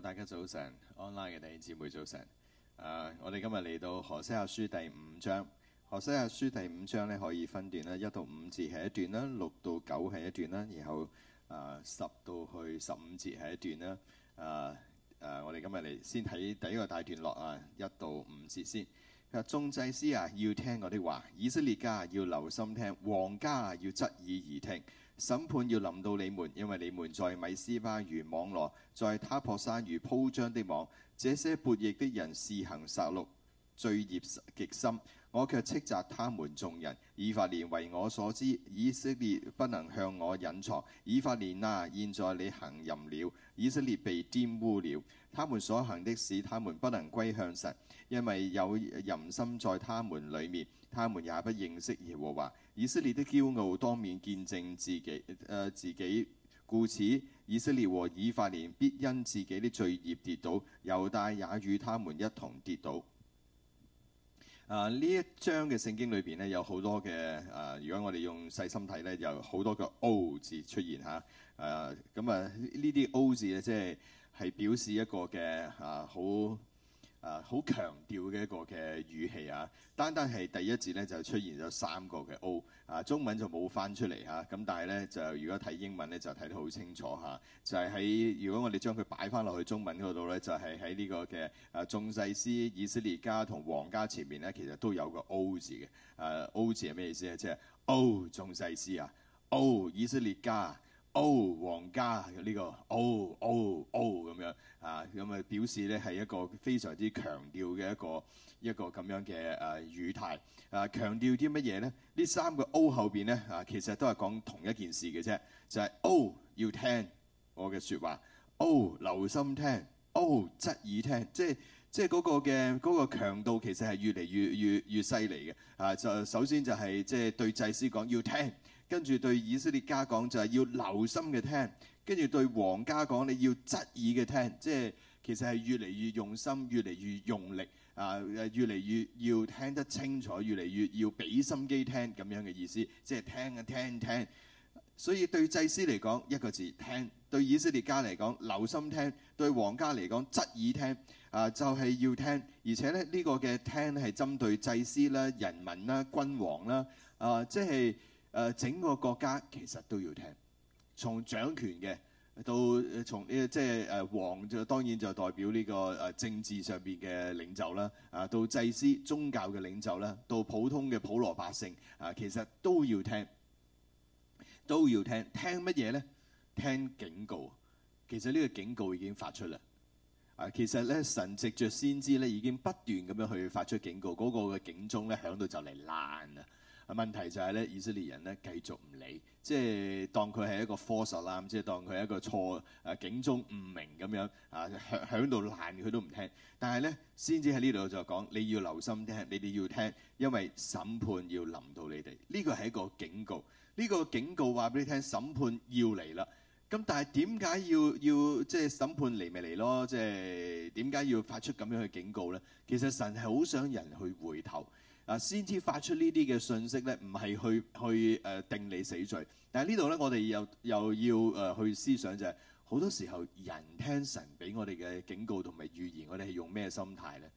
大家早晨，online 嘅弟兄姊妹早晨。啊、uh，我哋今日嚟到何西阿書第五章。何西阿書第五章咧，可以分段咧，一到五節係一段啦，六到九係一段啦，然後啊、uh, 十到去十五節係一段啦。啊啊，我哋今日嚟先睇第一個大段落啊，一到五節先。佢話，眾祭司啊要聽我的話，以色列家要留心聽，皇家、啊、要側耳而聽。審判要臨到你們，因為你們在米斯巴如網羅，在他破山如鋪張的網。這些叛逆的人肆行殺戮，罪孽極深。我卻斥責他們眾人。以法蓮為我所知，以色列不能向我隱藏。以法蓮啊，現在你行淫了，以色列被玷污了。他們所行的使，他們不能歸向神，因為有淫心在他們裡面。他們也不認識耶和華。以色列的驕傲當面見證自己，誒、呃、自己，故此，以色列和以法蓮必因自己的罪孽跌倒，猶大也與他們一同跌倒。啊，呢一章嘅聖經裏邊咧，有好多嘅啊，如果我哋用細心睇呢，有好多個 O 字出現嚇，誒咁啊呢啲、嗯啊、O 字咧即係係表示一個嘅啊好。啊，好強調嘅一個嘅語氣啊！單單係第一節咧就出現咗三個嘅 O 啊，中文就冇翻出嚟嚇。咁、啊、但係咧就如果睇英文咧就睇得好清楚嚇、啊，就係、是、喺如果我哋將佢擺翻落去中文嗰度咧，就係喺呢個嘅啊眾祭司、以色列家同皇家前面咧，其實都有個 O 字嘅。誒、啊、O 字係咩意思咧？即係 O 眾祭司啊，O、哦、以色列家，O、哦、皇家嘅呢、這個 O O O 咁樣啊，咁、呃、啊表示咧係一個非常之強調嘅一個一個咁樣嘅誒語態啊，強調啲乜嘢咧？呢三個 O、哦、後邊咧啊，其實都係講同一件事嘅啫，就係、是、O、哦、要聽我嘅説話，O 留、哦、心聽，O 側耳聽，即係即係嗰個嘅嗰、那個強度其實係越嚟越越越犀利嘅啊！就首先就係、是、即係對祭司講要聽。跟住對以色列家講就係要留心嘅聽，跟住對皇家講你要側耳嘅聽，即係其實係越嚟越用心，越嚟越用力啊！越嚟越要聽得清楚，越嚟越要俾心機聽咁樣嘅意思，即係聽啊聽聽聽。所以對祭司嚟講一個字聽，對以色列家嚟講留心聽，對皇家嚟講側耳聽啊，就係要聽。而且咧呢個嘅聽咧係針對祭司啦、人民啦、君王啦啊，即係。誒整個國家其實都要聽，從掌權嘅到從呢即係誒、啊、王就當然就代表呢、這個誒、啊、政治上邊嘅領袖啦，啊到祭司宗教嘅領袖啦，到普通嘅普羅百姓啊，其實都要聽，都要聽。聽乜嘢咧？聽警告，其實呢個警告已經發出啦。啊，其實咧神藉着先知咧已經不斷咁樣去發出警告，嗰、那個嘅警鐘咧響到就嚟爛啊！問題就係咧，以色列人咧繼續唔理，即係當佢係一個謬殺啦，即係當佢係一個錯，誒警鐘誤鳴咁樣，啊響響到爛佢都唔聽。但係咧，先至喺呢度我就講，你要留心聽，你哋要聽，因為審判要臨到你哋。呢個係一個警告，呢個警告話俾你聽，審判要嚟啦。咁但係點解要要即係審判嚟咪嚟咯，即係點解要發出咁樣嘅警告咧？其實神係好想人去回頭。啊！先知發出呢啲嘅信息咧，唔係去去誒定你死罪。但係呢度咧，我哋又又要誒去思想就係、是、好多時候人聽神俾我哋嘅警告同埋預言，我哋係用咩心態咧？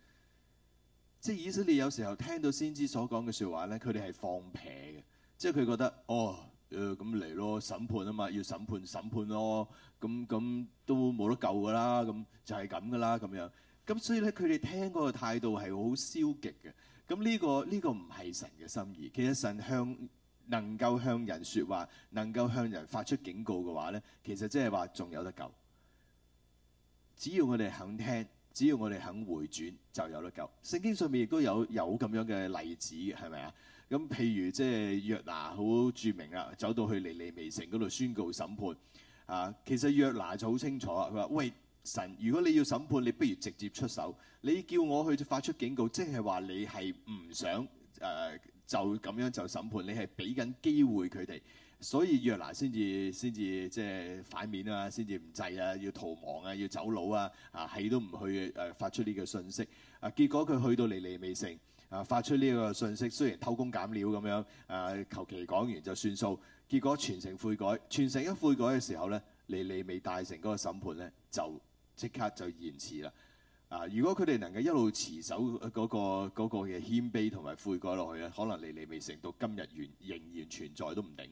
即係以色列有時候聽到先知所講嘅説話咧，佢哋係放屁嘅，即係佢覺得哦誒咁嚟咯，審判啊嘛，要審判審判咯，咁咁都冇得救㗎啦，咁就係咁㗎啦，咁樣咁所以咧，佢哋聽嗰個態度係好消極嘅。咁呢個呢個唔係神嘅心意。其實神向能夠向人説話，能夠向人發出警告嘅話咧，其實即係話仲有得救。只要我哋肯聽，只要我哋肯回轉，就有得救。聖經上面亦都有有咁樣嘅例子嘅，係咪啊？咁譬如即係約拿好著名啦，走到去尼尼微城嗰度宣告審判。啊，其實約拿就好清楚，佢話喂。神，如果你要審判，你不如直接出手。你叫我去發出警告，即係話你係唔想誒、呃、就咁樣就審判，你係俾緊機會佢哋。所以約拿先至先至即係反面啊，先至唔制啊，要逃亡啊，要走佬啊，啊係都唔去誒發出呢個信息。啊，結果佢去到利利未城。啊，發出呢個信息，雖然偷工減料咁樣啊，求其講完就算數。結果全城悔改，全城一悔改嘅時候咧，利利未大城嗰個審判咧就，即刻就延遲啦！啊，如果佢哋能夠一路持守嗰個嗰個嘅謙卑同埋悔改落去咧，可能離離未成到今日完，完仍然存在都唔定。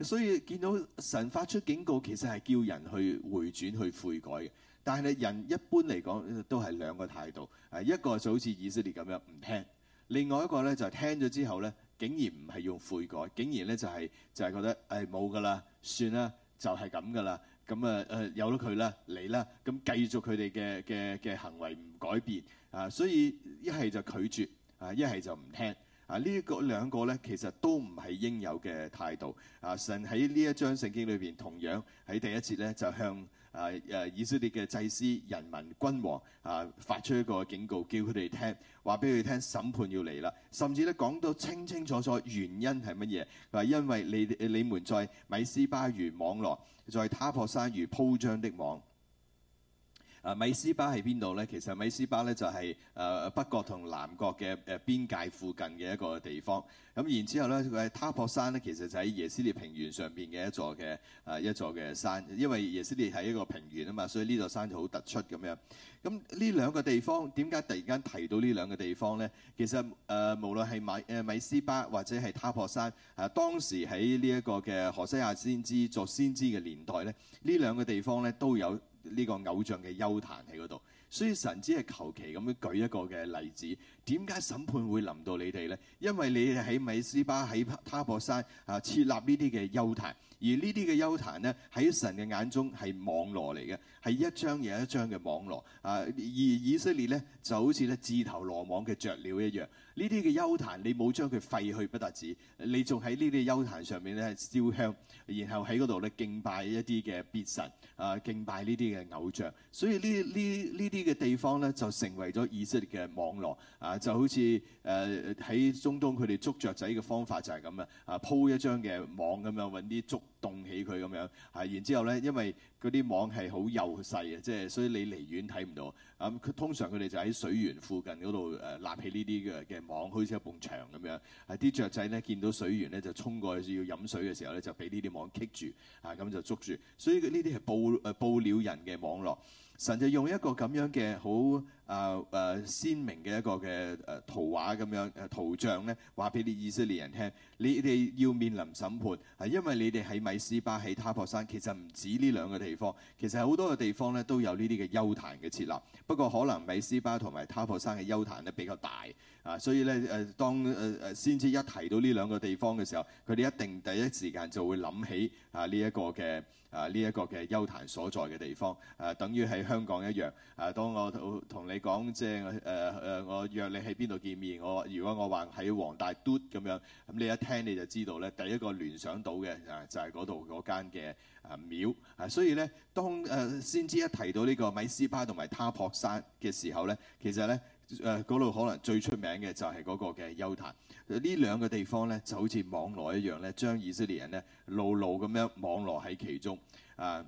所以見到神發出警告，其實係叫人去回轉、去悔改嘅。但係人一般嚟講都係兩個態度，一個就好似以色列咁樣唔聽，另外一個咧就係聽咗之後咧，竟然唔係用悔改，竟然咧就係就係覺得誒冇㗎啦，算啦，就係咁㗎啦。咁啊，誒有咗佢咧，你咧咁繼續佢哋嘅嘅嘅行為唔改變啊，所以一係就拒絕啊，一係就唔聽啊。呢個兩個咧，其實都唔係應有嘅態度啊。神喺呢一章聖經裏邊，同樣喺第一節咧就向啊誒以色列嘅祭司、人民、君王啊發出一個警告，叫佢哋聽話，俾佢哋聽審判要嚟啦。甚至咧講到清清楚楚原因係乜嘢，佢話因為你你們在米斯巴如網羅。在他泊山如鋪張的網。啊，米斯巴喺邊度咧？其實米斯巴咧就係、是、誒、呃、北國同南國嘅誒邊界附近嘅一個地方。咁、嗯、然之後咧，佢喺他泊山咧，其實就喺耶斯列平原上邊嘅一座嘅誒、呃、一座嘅山。因為耶斯列係一個平原啊嘛，所以呢座山就好突出咁樣。咁呢兩個地方點解突然間提到呢兩個地方咧？其實誒、呃，無論係米誒米斯巴或者係他泊山，啊，當時喺呢一個嘅何西阿先知作先知嘅年代咧，呢兩個地方咧都有。呢個偶像嘅丘壇喺嗰度，所以神只係求其咁樣舉一個嘅例子。點解審判會臨到你哋咧？因為你喺米斯巴、喺他泊山啊設立呢啲嘅丘壇，而壇呢啲嘅丘壇咧喺神嘅眼中係網羅嚟嘅，係一張又一張嘅網羅啊！而以色列咧就好似咧自投羅網嘅雀鳥一樣。呢啲嘅邱壇，你冇將佢廢去不得止，你仲喺呢啲邱壇上面咧燒香，help, 然後喺嗰度咧敬拜一啲嘅別神啊，敬拜呢啲嘅偶像，所以呢呢呢啲嘅地方咧就成為咗以色列嘅網絡啊，就好似誒喺中東佢哋捉雀仔嘅方法就係咁樣啊，啊鋪一張嘅網咁樣揾啲捉。動起佢咁樣，係然之後咧，因為嗰啲網係好幼細嘅，即係所以你離遠睇唔到。咁佢通常佢哋就喺水源附近嗰度誒立起呢啲嘅嘅網，好似一埲牆咁樣。係啲雀仔咧見到水源咧就衝過去要飲水嘅時候咧就俾呢啲網棘住，啊咁就捉住。所以呢啲係捕誒捕鳥人嘅網絡。神就用一個咁樣嘅好。啊誒、啊、鮮明嘅一個嘅誒圖畫咁樣誒、啊、圖像咧，話俾啲以色列人聽，你哋要面臨審判，係、啊、因為你哋喺米斯巴喺他泊山，其實唔止呢兩個地方，其實好多嘅地方咧都有呢啲嘅邱壇嘅設立。不過可能米斯巴同埋他泊山嘅邱壇咧比較大啊，所以咧誒、啊、當誒誒、啊、先知一提到呢兩個地方嘅時候，佢哋一定第一時間就會諗起啊呢一、這個嘅。啊！呢一個嘅丘壇所在嘅地方，誒、啊、等於喺香港一樣。誒、啊，當我同你講，即係誒誒，我約你喺邊度見面，我如果我話喺黃大咄咁樣，咁、嗯、你一聽你就知道咧。第一個聯想到嘅啊，就係嗰度嗰間嘅啊廟。啊，所以咧，當誒、呃、先知一提到呢個米斯巴同埋他泊山嘅時候咧，其實咧。誒、嗰度可能最出名嘅就係嗰個嘅猶太呢兩個地方咧，就好似網羅一樣咧，將以色列人咧，牢牢咁樣網羅喺其中。啊，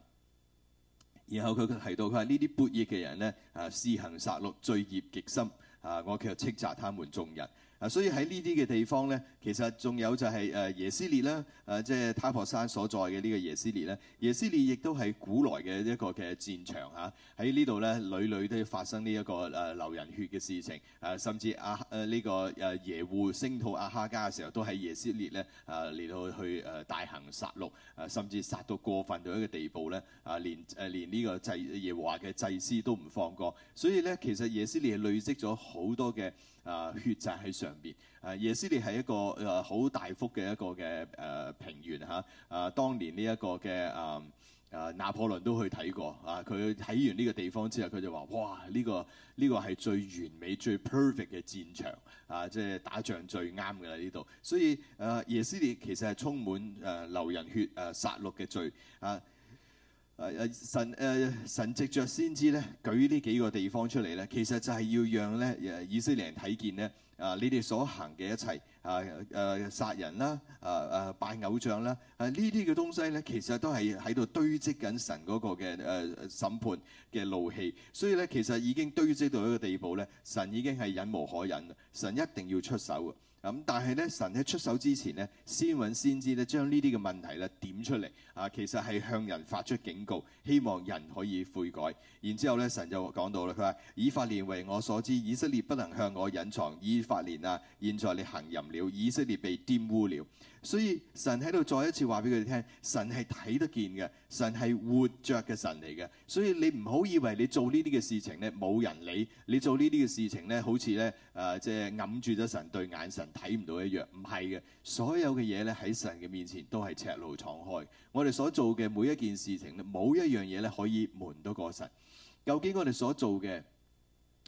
然後佢佢提到佢話，呢啲悖逆嘅人咧，啊，施行殺戮，罪孽極深。啊，我卻斥責他們眾人。啊，所以喺呢啲嘅地方咧，其實仲有就係誒耶斯列啦，誒、啊、即係他泊山所在嘅呢個耶斯列咧。耶斯列亦都係古來嘅一個嘅戰場嚇，喺、啊、呢度咧屢屢都發生呢一個誒流人血嘅事情，誒、啊、甚至阿誒呢個誒耶戶征討阿哈加嘅時候，都喺耶斯列咧誒嚟到去誒大行殺戮，誒、啊、甚至殺到過分到一個地步咧，啊連誒、啊、連呢個祭耶和華嘅祭司都唔放過，所以咧其實耶斯列係累積咗好多嘅。啊，血債喺上面。啊，耶斯列係一個誒好大幅嘅一個嘅誒平原嚇。啊，當年呢一個嘅啊啊拿破崙都去睇過啊。佢睇完呢個地方之後，佢就話：哇，呢、這個呢、這個係最完美、最 perfect 嘅戰場啊！即、就、係、是、打仗最啱嘅啦，呢度。所以誒、啊，耶斯列其實係充滿誒流人血誒、啊、殺戮嘅罪啊。誒誒、啊、神誒、啊、神直着先知咧，舉呢幾個地方出嚟咧，其實就係要讓咧誒、啊、以色列人睇見咧。啊，你哋所行嘅一切——啊誒、啊、殺人啦，啊啊拜偶像啦，啊呢啲嘅東西咧，其實都係喺度堆積緊神嗰個嘅誒審判嘅怒氣，所以咧其實已經堆積到一個地步咧，神已經係忍無可忍，神一定要出手㗎。咁但係咧，神喺出手之前咧，先揾先知咧，將呢啲嘅問題咧點出嚟啊，其實係向人發出警告，希望人可以悔改。然之後咧，神就講到啦，佢話：以法蓮為我所知，以色列不能向我隱藏。以法蓮啊，現在你行淫了，以色列被玷污了。所以神喺度再一次話俾佢哋聽，神係睇得見嘅，神係活着嘅神嚟嘅。所以你唔好以為你做呢啲嘅事情咧冇人理，你做呢啲嘅事情咧好似咧誒即係揞住咗神對眼，神睇唔到一樣，唔係嘅。所有嘅嘢咧喺神嘅面前都係赤露敞開，我哋所做嘅每一件事情咧，冇一樣嘢咧可以瞞到過神。究竟我哋所做嘅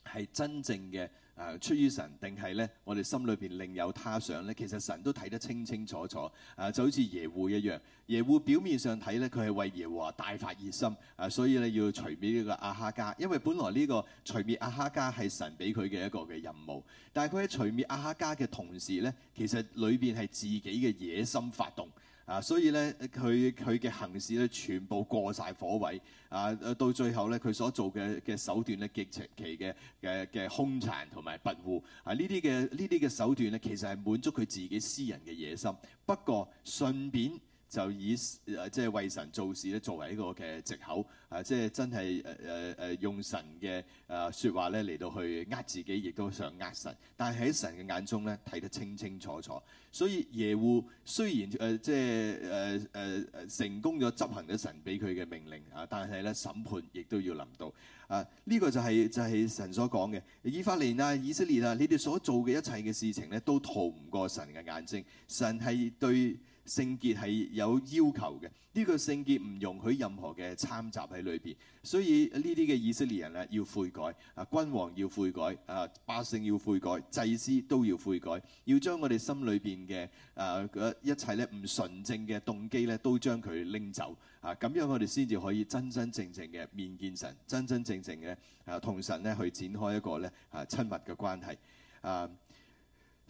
係真正嘅？誒出於神定係咧，我哋心裏邊另有他想咧。其實神都睇得清清楚楚。誒就好似耶戶一樣，耶戶表面上睇咧，佢係為耶和華大發熱心。誒所以咧要除滅呢個亞哈家。因為本來呢個除滅亞哈家係神俾佢嘅一個嘅任務。但係佢喺除滅亞哈家嘅同時咧，其實裏邊係自己嘅野心發動。啊，所以咧，佢佢嘅行事咧，全部過晒火位啊！到最後咧，佢所做嘅嘅手段咧，極其嘅嘅嘅兇殘同埋跋扈啊！呢啲嘅呢啲嘅手段咧，其實係滿足佢自己私人嘅野心，不過順便。就以即係為神做事咧，作為一個嘅藉口，啊，即係真係誒誒誒用神嘅誒説話咧嚟到去呃自己，亦都想呃神。但係喺神嘅眼中咧，睇得清清楚楚。所以耶戶雖然誒即係誒誒誒成功咗執行咗神俾佢嘅命令啊，但係咧審判亦都要臨到啊。呢個就係就係神所講嘅。以法蓮啊，以色列啊，你哋所做嘅一切嘅事情咧，都逃唔過神嘅眼睛。神係對。聖潔係有要求嘅，呢個聖潔唔容許任何嘅摻雜喺裏邊，所以呢啲嘅以色列人呢，要悔改，啊君王要悔改，啊百姓要悔改，祭司都要悔改，要將我哋心裏邊嘅啊一切咧唔純正嘅動機咧，都將佢拎走，啊咁樣我哋先至可以真真正正嘅面見神，真真正正嘅啊同神咧去展開一個咧啊親密嘅關係，啊。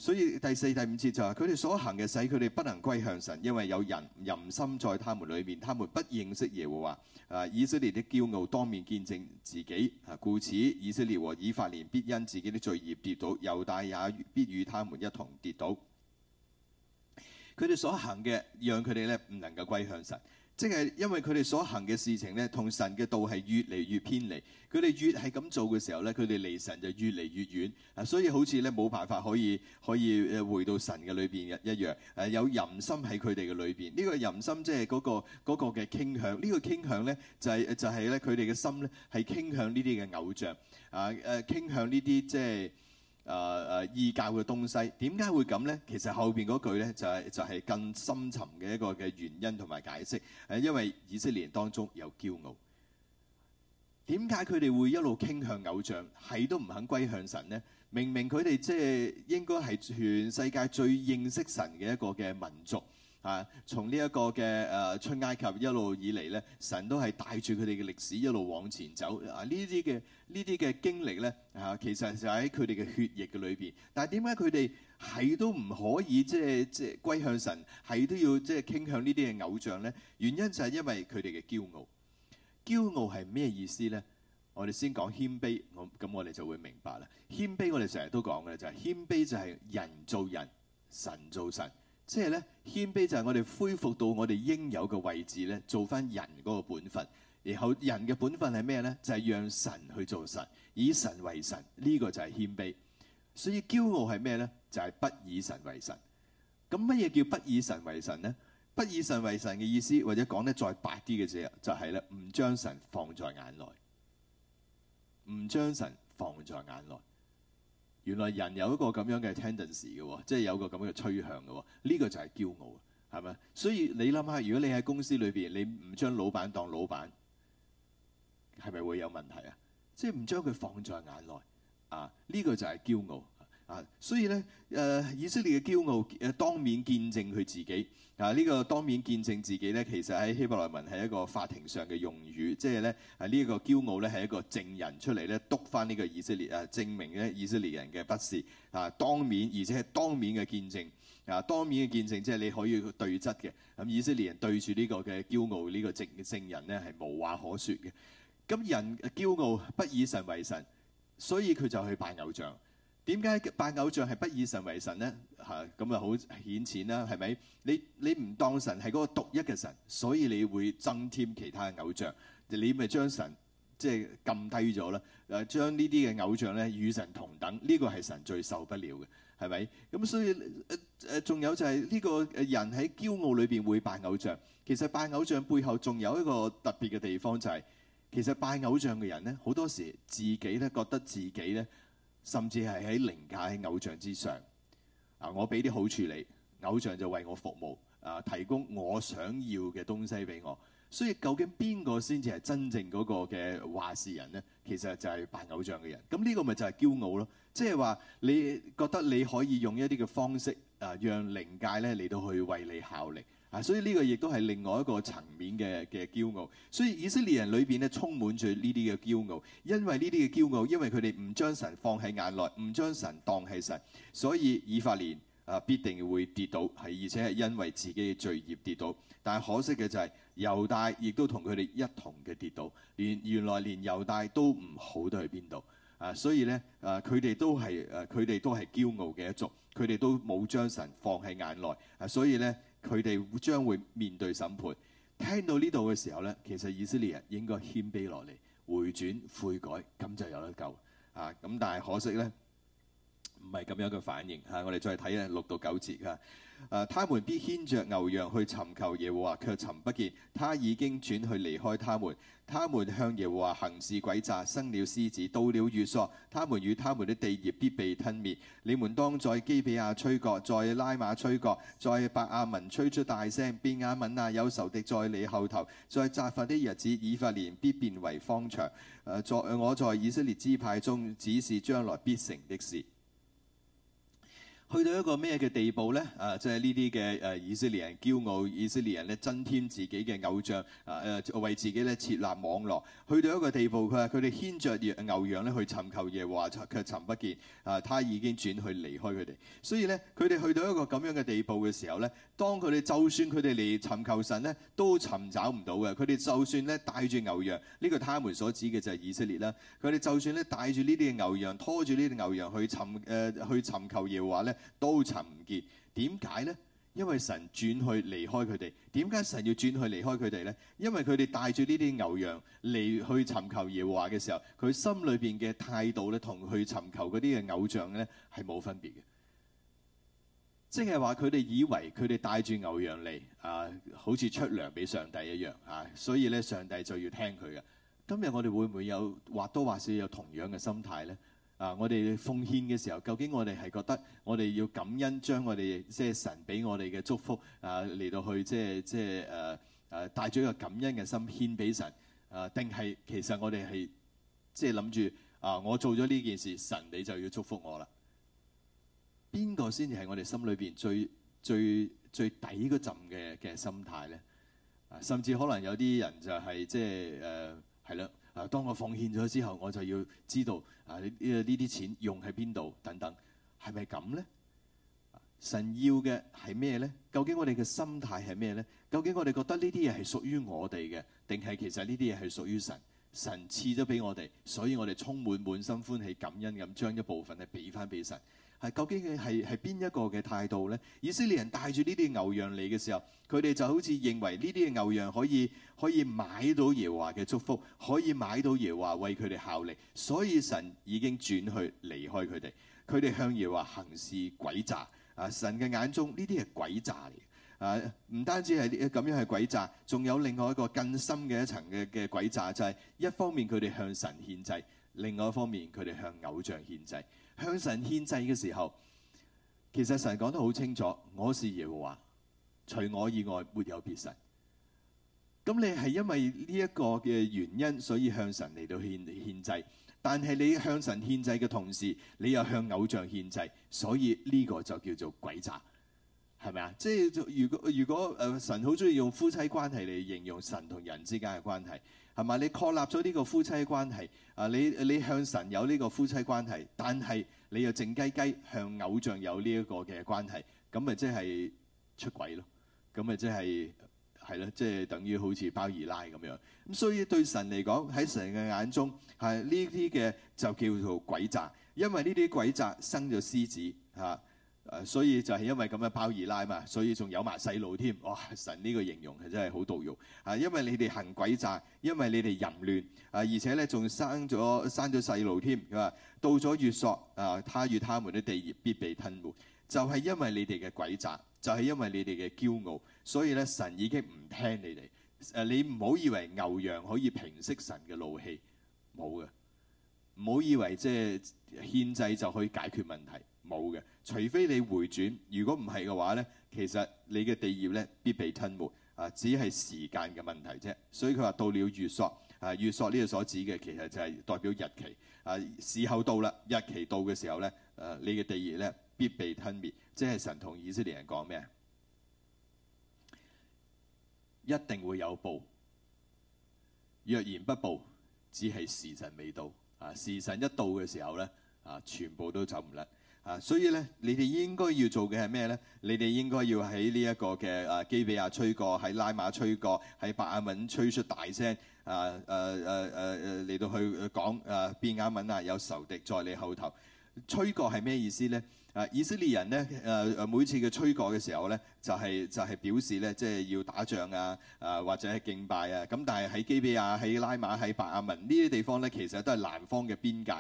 所以第四、第五節就係佢哋所行嘅，使佢哋不能歸向神，因為有淫心在他們裏面，他們不認識耶和華。啊，以色列的驕傲當面見證自己，啊，故此以色列和以法蓮必因自己的罪孽跌倒，猶大也必與他們一同跌倒。佢哋所行嘅，讓佢哋咧唔能夠歸向神。即係因為佢哋所行嘅事情咧，同神嘅道係越嚟越偏離。佢哋越係咁做嘅時候咧，佢哋離神就越嚟越遠。啊，所以好似咧冇辦法可以可以誒回到神嘅裏邊嘅一樣。誒有淫心喺佢哋嘅裏邊，呢個淫心即係嗰個嗰個嘅傾向。呢個傾向咧就係就係咧佢哋嘅心咧係傾向呢啲嘅偶像啊，誒傾向呢啲即係。誒誒，異教嘅東西點解會咁呢？其實後邊嗰句呢就係就係更深沉嘅一個嘅原因同埋解釋。誒，因為以色列當中有驕傲，點解佢哋會一路傾向偶像，係都唔肯歸向神呢？明明佢哋即係應該係全世界最認識神嘅一個嘅民族。啊！從呢一個嘅誒出埃及一路以嚟咧，神都係帶住佢哋嘅歷史一路往前走。啊！呢啲嘅呢啲嘅經歷咧，啊，其實就喺佢哋嘅血液嘅裏邊。但係點解佢哋係都唔可以即係即係歸向神，係都要即係傾向呢啲嘅偶像咧？原因就係因為佢哋嘅驕傲。驕傲係咩意思咧？我哋先講謙卑，咁咁我哋就會明白啦。謙卑我哋成日都講嘅就係、是、謙卑就係人做人，神做神。即係咧，謙卑就係我哋恢復到我哋應有嘅位置咧，做翻人嗰個本分。然後人嘅本分係咩咧？就係、是、讓神去做神，以神為神。呢、這個就係謙卑。所以驕傲係咩咧？就係、是、不以神為神。咁乜嘢叫不以神為神咧？不以神為神嘅意思，或者講得再白啲嘅字就係咧，唔將神放在眼內，唔將神放在眼內。原來人有一個咁樣嘅 tendency 嘅、哦，即係有個咁樣嘅趨向嘅、哦，呢個就係驕傲，係咪？所以你諗下，如果你喺公司裏邊，你唔將老闆當老闆，係咪會有問題啊？即係唔將佢放在眼內，啊，呢個就係驕傲。啊，所以咧，誒、呃、以色列嘅驕傲誒、啊、當面見證佢自己啊。呢、這個當面見證自己咧，其實喺希伯來文係一個法庭上嘅用語，即係咧啊呢一、這個驕傲咧係一個證人出嚟咧篤翻呢個以色列啊，證明咧以色列人嘅不是啊。當面而且係當面嘅見證啊，當面嘅見證即係你可以對質嘅。咁、啊、以色列人對住呢個嘅驕傲呢個證、這個、證，證人呢係無話可説嘅。咁人驕、啊、傲不以神為神，所以佢就去拜偶像。點解拜偶像係不以神為神咧？嚇咁啊，好顯淺啦，係咪？你你唔當神係嗰個獨一嘅神，所以你會增添其他嘅偶像，你咪將神即係撳低咗啦。誒，將呢啲嘅偶像咧與神同等，呢個係神最受不了嘅，係咪？咁所以誒誒，仲有就係呢個誒人喺驕傲裏邊會拜偶像。其實拜偶像背後仲有一個特別嘅地方，就係其實拜偶像嘅人咧，好多時自己咧覺得自己咧。甚至係喺靈界喺偶像之上，啊，我俾啲好處你，偶像就為我服務，啊，提供我想要嘅東西俾我。所以究竟邊個先至係真正嗰個嘅話事人呢？其實就係扮偶像嘅人。咁呢個咪就係驕傲咯。即係話，你覺得你可以用一啲嘅方式啊，讓靈界咧嚟到去為你效力。啊，所以呢個亦都係另外一個層面嘅嘅驕傲。所以以色列人裏邊咧充滿住呢啲嘅驕傲，因為呢啲嘅驕傲，因為佢哋唔將神放喺眼內，唔將神當係神，所以以法蓮啊必定會跌倒係，而且係因為自己嘅罪孽跌倒。但係可惜嘅就係、是、猶大亦都同佢哋一同嘅跌倒，連原來連猶大都唔好都去邊度啊。所以咧啊，佢哋都係誒，佢、啊、哋都係驕傲嘅一族，佢哋都冇將神放喺眼內啊，所以咧。佢哋將會面對審判。聽到呢度嘅時候呢，其實以色列人應該謙卑落嚟，回轉悔改，咁就有得救了。啊，咁但係可惜呢。唔係咁樣嘅反應嚇、啊。我哋再睇下六到九節啊。誒，他們必牽着牛羊去尋求耶和華，卻尋不見。他已經轉去離開他們。他們向耶和華行事詭詐，生了私子，到了月朔，他們與他們的地業必被吞滅。你們當在基比亞吹角，在拉馬吹角，在伯亞文吹出大聲。便雅憫啊，有仇敵在你後頭，在責罰啲日子，以法蓮必變為荒場。誒、啊，在我在以色列支派中，指示將來必成的事。去到一個咩嘅地步咧？啊，即係呢啲嘅誒以色列人驕傲，以色列人咧增添自己嘅偶像，啊誒為自己咧設立網羅。去到一個地步，佢係佢哋牽着牛羊咧去尋求耶和華，卻尋不見。啊，他已經轉去離開佢哋。所以咧，佢哋去到一個咁樣嘅地步嘅時候咧，當佢哋就算佢哋嚟尋求神咧，都尋找唔到嘅。佢哋就算咧帶住牛羊，呢、這個他們所指嘅就係以色列啦。佢哋就算咧帶住呢啲嘅牛羊，拖住呢啲牛羊去尋誒、呃、去尋求耶和華咧。都尋唔見，點解呢？因為神轉去離開佢哋，點解神要轉去離開佢哋呢？因為佢哋帶住呢啲牛羊嚟去尋求耶和華嘅時候，佢心裏邊嘅態度咧，同去尋求嗰啲嘅偶像呢係冇分別嘅。即係話佢哋以為佢哋帶住牛羊嚟啊，好似出糧俾上帝一樣啊，所以咧上帝就要聽佢嘅。今日我哋會唔會有或多或少有同樣嘅心態呢？啊！我哋奉獻嘅時候，究竟我哋係覺得我哋要感恩，將我哋即係神俾我哋嘅祝福啊嚟到去即係即係誒誒帶咗一個感恩嘅心獻俾神啊？定係其實我哋係即係諗住啊！我做咗呢件事，神你就要祝福我啦。邊個先至係我哋心裏邊最最最底嗰浸嘅嘅心態咧？啊，甚至可能有啲人就係、係、即係誒係啦。啊啊！當我奉獻咗之後，我就要知道啊呢啲錢用喺邊度等等，係咪咁呢？神要嘅係咩呢？究竟我哋嘅心態係咩呢？究竟我哋覺得呢啲嘢係屬於我哋嘅，定係其實呢啲嘢係屬於神？神賜咗俾我哋，所以我哋充滿滿心歡喜感恩咁，將一部分咧俾翻俾神。係究竟佢係係邊一個嘅態度呢？以色列人帶住呢啲牛羊嚟嘅時候，佢哋就好似認為呢啲嘅牛羊可以可以買到耶和華嘅祝福，可以買到耶和華為佢哋效力。所以神已經轉去離開佢哋，佢哋向耶和華行事詭詐啊！神嘅眼中呢啲係詭詐嚟嘅啊！唔單止係咁樣係詭詐，仲有另外一個更深嘅一層嘅嘅詭詐，就係、是、一方面佢哋向神獻祭，另外一方面佢哋向偶像獻祭。向神獻祭嘅時候，其實神講得好清楚，我是耶和華，除我以外沒有別神。咁、嗯、你係因為呢一個嘅原因，所以向神嚟到獻獻祭。但係你向神獻祭嘅同時，你又向偶像獻祭，所以呢個就叫做詭詐，係咪啊？即係如果如果誒神好中意用夫妻關係嚟形容神同人之間嘅關係。係嘛？你確立咗呢個夫妻關係，啊，你你向神有呢個夫妻關係，但係你又靜雞雞向偶像有呢一個嘅關係，咁咪即係出軌咯，咁咪即係係咯，即係、就是、等於好似包二奶咁樣。咁所以對神嚟講，喺神嘅眼中係呢啲嘅就叫做詭詐，因為呢啲詭詐生咗獅子嚇。啊所以就係因為咁樣包二奶嘛，所以仲有埋細路添。哇！神呢個形容係真係好毒用，啊！因為你哋行詭詐，因為你哋淫亂啊，而且呢咧仲生咗生咗細路添。佢話到咗月朔啊，他與他們的地業必被吞沒。就係、是、因為你哋嘅詭詐，就係、是、因為你哋嘅驕傲，所以咧神已經唔聽你哋。誒、啊，你唔好以為牛羊可以平息神嘅怒氣，冇嘅。唔好以為即係獻祭就可以解決問題。冇嘅，除非你回轉。如果唔係嘅話呢，其實你嘅地業呢必被吞沒啊，只係時間嘅問題啫。所以佢話到了月朔啊，月朔呢個所指嘅，其實就係代表日期啊。時候到啦，日期到嘅時候呢，誒，啊，你嘅地業呢必被吞滅。即係神同以色列人講咩？一定會有報。若然不報，只係時辰未到啊。時辰一到嘅時候呢，啊，全部都走唔甩。啊，所以咧，你哋應該要做嘅係咩咧？你哋應該要喺呢一個嘅啊基比亞吹過，喺拉馬吹過，喺伯亞文吹出大聲啊！誒誒誒誒嚟到去講啊，邊亞文啊，有仇敵在你後頭。吹過係咩意思咧？啊！以色列人咧，誒、啊、誒，每次嘅吹過嘅時候呢，就係、是、就係、是、表示呢，即係要打仗啊，啊或者係敬拜啊。咁但係喺基比亞、喺拉馬、喺伯亞文呢啲地方呢，其實都係南方嘅邊界。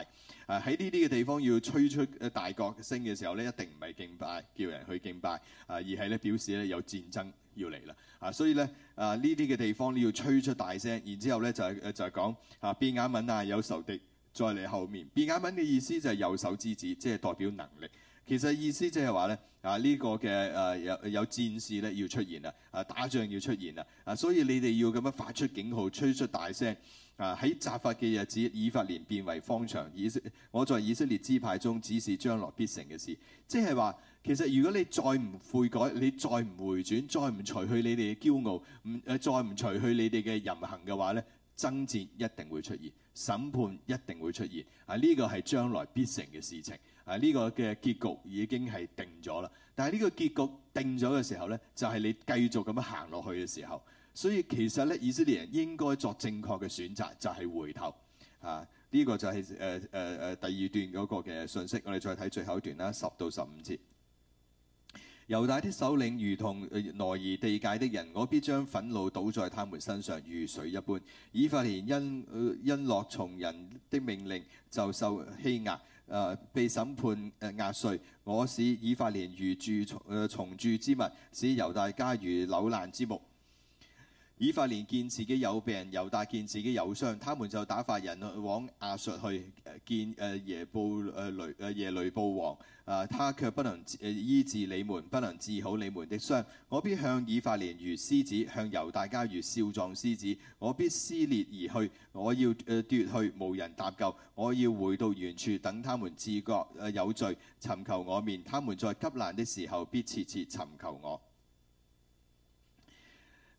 啊，喺呢啲嘅地方要吹出大角聲嘅時候呢，一定唔係敬拜，叫人去敬拜啊，而係咧，表示咧有戰爭要嚟啦。啊，所以呢，啊呢啲嘅地方你要吹出大聲，然之後呢，就係就係講啊，便雅憫啊有仇敵在你後面。便雅憫嘅意思就係右手之子，即係代表能力。其實意思即係話咧啊，呢、這個嘅誒、啊、有有戰事咧要出現啦，啊打仗要出現啦啊，所以你哋要咁樣發出警號，吹出大聲啊！喺集法嘅日子，以法蓮變為荒場，以色，我在以色列支派中指示將來必成嘅事，即係話其實如果你再唔悔改，你再唔回轉，再唔除去你哋嘅驕傲，唔誒再唔除去你哋嘅淫行嘅話咧。爭戰一定會出現，審判一定會出現。啊，呢個係將來必成嘅事情。啊，呢個嘅結局已經係定咗啦。但係呢個結局定咗嘅時候呢，就係你繼續咁樣行落去嘅時候。所以其實呢，以色列人應該作正確嘅選擇，就係回頭。啊，呢個就係誒誒誒第二段嗰個嘅信息。我哋再睇最後一段啦，十到十五節。猶大的首領如同挪、呃、移地界的人，我必將憤怒倒在他們身上，如水一般。以法蓮因、呃、因樂從人的命令就受欺壓，啊、呃，被審判壓碎、呃。我使以法蓮如住從、呃、住之物，使猶大家如朽爛之木。以法蓮見自己有病，猶大見自己有傷，他們就打發人往亞述去見耶布雷耶雷布王。呃、他却不能、呃、醫治你們，不能治好你們的傷。我必向以法蓮如獅子，向猶大家如少壯獅子。我必撕裂而去，我要呃、奪去，無人搭救。我要回到原處，等他們自覺、呃、有罪，尋求我面。他們在急難的時候，必切切尋求我。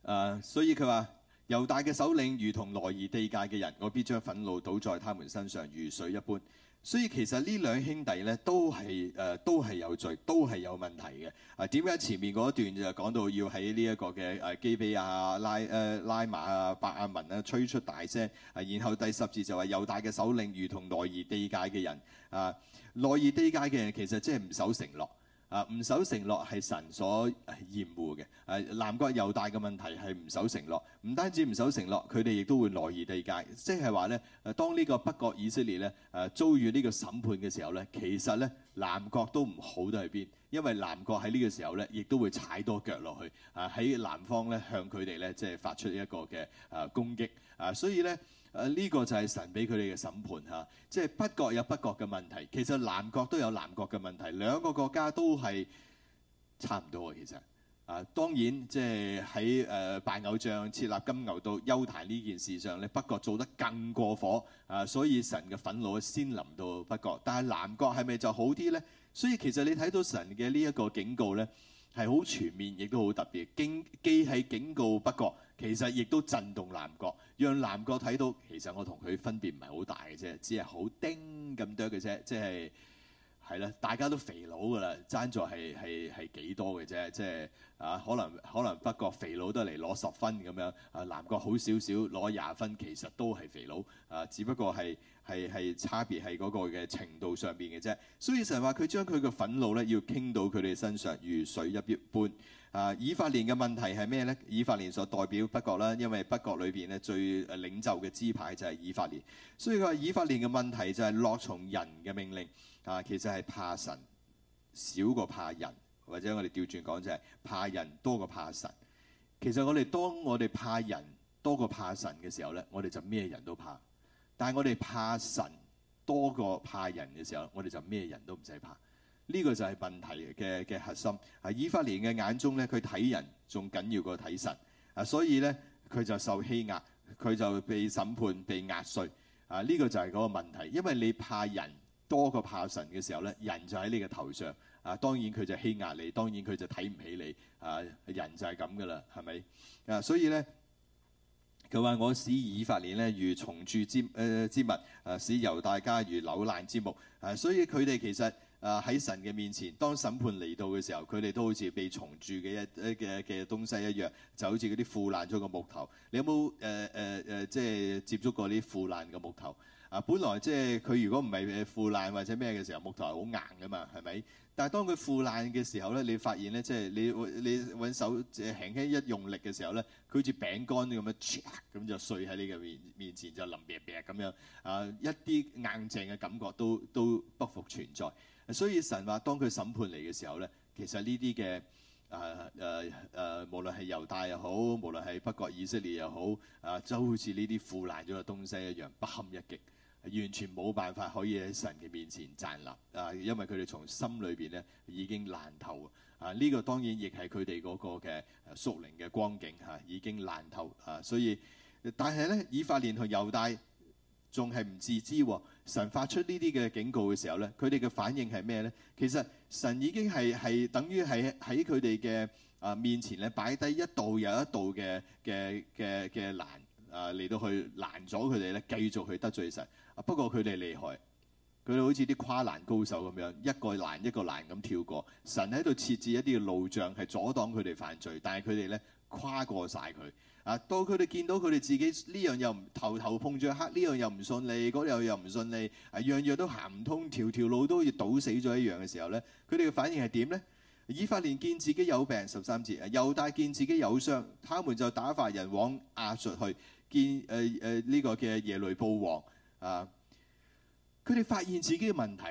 誒、啊，所以佢話猶大嘅首領如同挪移地界嘅人，我必將憤怒倒在他們身上，如水一般。所以其實呢兩兄弟咧都係誒、呃、都係有罪，都係有問題嘅。啊，點解前面嗰一段就講到要喺呢一個嘅誒基比亞拉誒拉，拉瑪啊伯亞文啊吹出大聲，啊，然後第十字就話猶大嘅首領如同挪移地界嘅人。啊，挪移地界嘅人其實即係唔守承諾。啊！唔守承諾係神所厭惡嘅。誒，南國猶大嘅問題係唔守承諾，唔單止唔守承諾，佢哋亦都會挪移地界，即係話咧誒，當呢個北國以色列咧誒遭遇呢個審判嘅時候咧，其實咧南國都唔好都喺邊，因為南國喺呢個時候咧亦都會踩多腳落去，喺南方咧向佢哋咧即係發出一個嘅誒攻擊，啊，所以咧。誒呢、啊這個就係神俾佢哋嘅審判嚇、啊，即係北國有北國嘅問題，其實南國都有南國嘅問題，兩個國家都係差唔多嘅其實。啊，當然即係喺誒拜偶像設立金牛犢、邱壇呢件事上咧，北國做得更過火啊，所以神嘅憤怒先臨到北國。但係南國係咪就好啲呢？所以其實你睇到神嘅呢一個警告呢，係好全面，亦都好特別。經既係警告北國。其實亦都震動南國，讓南國睇到其實我同佢分別唔係好大嘅啫，只係好丁咁多嘅啫，即係係啦，大家都肥佬噶啦，爭在係係係幾多嘅啫，即係啊，可能可能北國肥佬都嚟攞十分咁樣啊，南國好少少攞廿分，其實都係肥佬啊，只不過係係係差別係嗰個嘅程度上面嘅啫。所以神話佢將佢嘅憤怒咧要傾到佢哋身上，如水入一般。啊！以法蓮嘅問題係咩呢？以法蓮所代表北國啦，因為北國裏邊呢最領袖嘅支派就係以法蓮，所以佢話以法蓮嘅問題就係樂從人嘅命令。啊，其實係怕神少過怕人，或者我哋調轉講就係怕人多過怕神。其實我哋當我哋怕人多過怕神嘅時候呢，我哋就咩人都怕；但係我哋怕神多過怕人嘅時候，我哋就咩人都唔使怕。呢個就係問題嘅嘅核心。喺、啊、以法蓮嘅眼中咧，佢睇人仲緊要過睇神啊，所以咧佢就受欺壓，佢就被審判、被壓碎啊。呢、這個就係嗰個問題，因為你怕人多過怕神嘅時候咧，人就喺你嘅頭上啊。當然佢就欺壓你，當然佢就睇唔起你啊。人就係咁噶啦，係咪啊？所以咧，佢話我使以法蓮咧如蟲蛀之誒之、呃、物，誒、啊、使猶大家如朽爛之木啊。所以佢哋其實。啊！喺神嘅面前，當審判嚟到嘅時候，佢哋 都好似被蟲蛀嘅一一嘅嘅東西一樣，就好似嗰啲腐爛咗嘅木頭。你有冇誒誒誒，即係接觸過啲腐爛嘅木頭啊？本來即係佢如果唔係腐爛或者咩嘅時候，木頭係好硬㗎嘛，係咪？但係當佢腐爛嘅時候咧，你發現咧，即係你你揾手輕輕一用力嘅時候咧，佢好似餅乾咁樣，咁、呃、就碎喺你嘅面面前就腍劈劈咁樣啊！一啲硬淨嘅感覺都都，都，都不復存在。所以神話當佢審判嚟嘅時候咧，其實呢啲嘅誒誒誒，無論係猶大又好，無論係北國以色列又好，啊，就好似呢啲腐爛咗嘅東西一樣，不堪一擊，完全冇辦法可以喺神嘅面前站立啊！因為佢哋從心裏邊咧已經爛透啊！呢個當然亦係佢哋嗰個嘅屬靈嘅光景嚇、啊，已經爛透啊！所以，但係咧，以法蓮同猶大仲係唔自知，神發出呢啲嘅警告嘅時候呢，佢哋嘅反應係咩呢？其實神已經係係等於係喺佢哋嘅啊面前咧擺低一度又一度嘅嘅嘅嘅難啊嚟、呃、到去攔咗佢哋咧，繼續去得罪神。不過佢哋厲害，佢哋好似啲跨欄高手咁樣，一個欄一個欄咁跳過。神喺度設置一啲嘅路障係阻擋佢哋犯罪，但係佢哋呢，跨過晒佢。啊！當佢哋見到佢哋自己呢樣又唔頭頭碰著黑，呢樣又唔順利，嗰樣又唔順利，啊樣樣都行唔通，條條路都好似堵死咗一樣嘅時候咧，佢哋嘅反應係點咧？以法蓮見自己有病十三節，猶大見自己有傷，他們就打發人往亞述去，見誒誒呢個嘅耶雷布王啊！佢哋發現自己嘅問題，